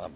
Amen.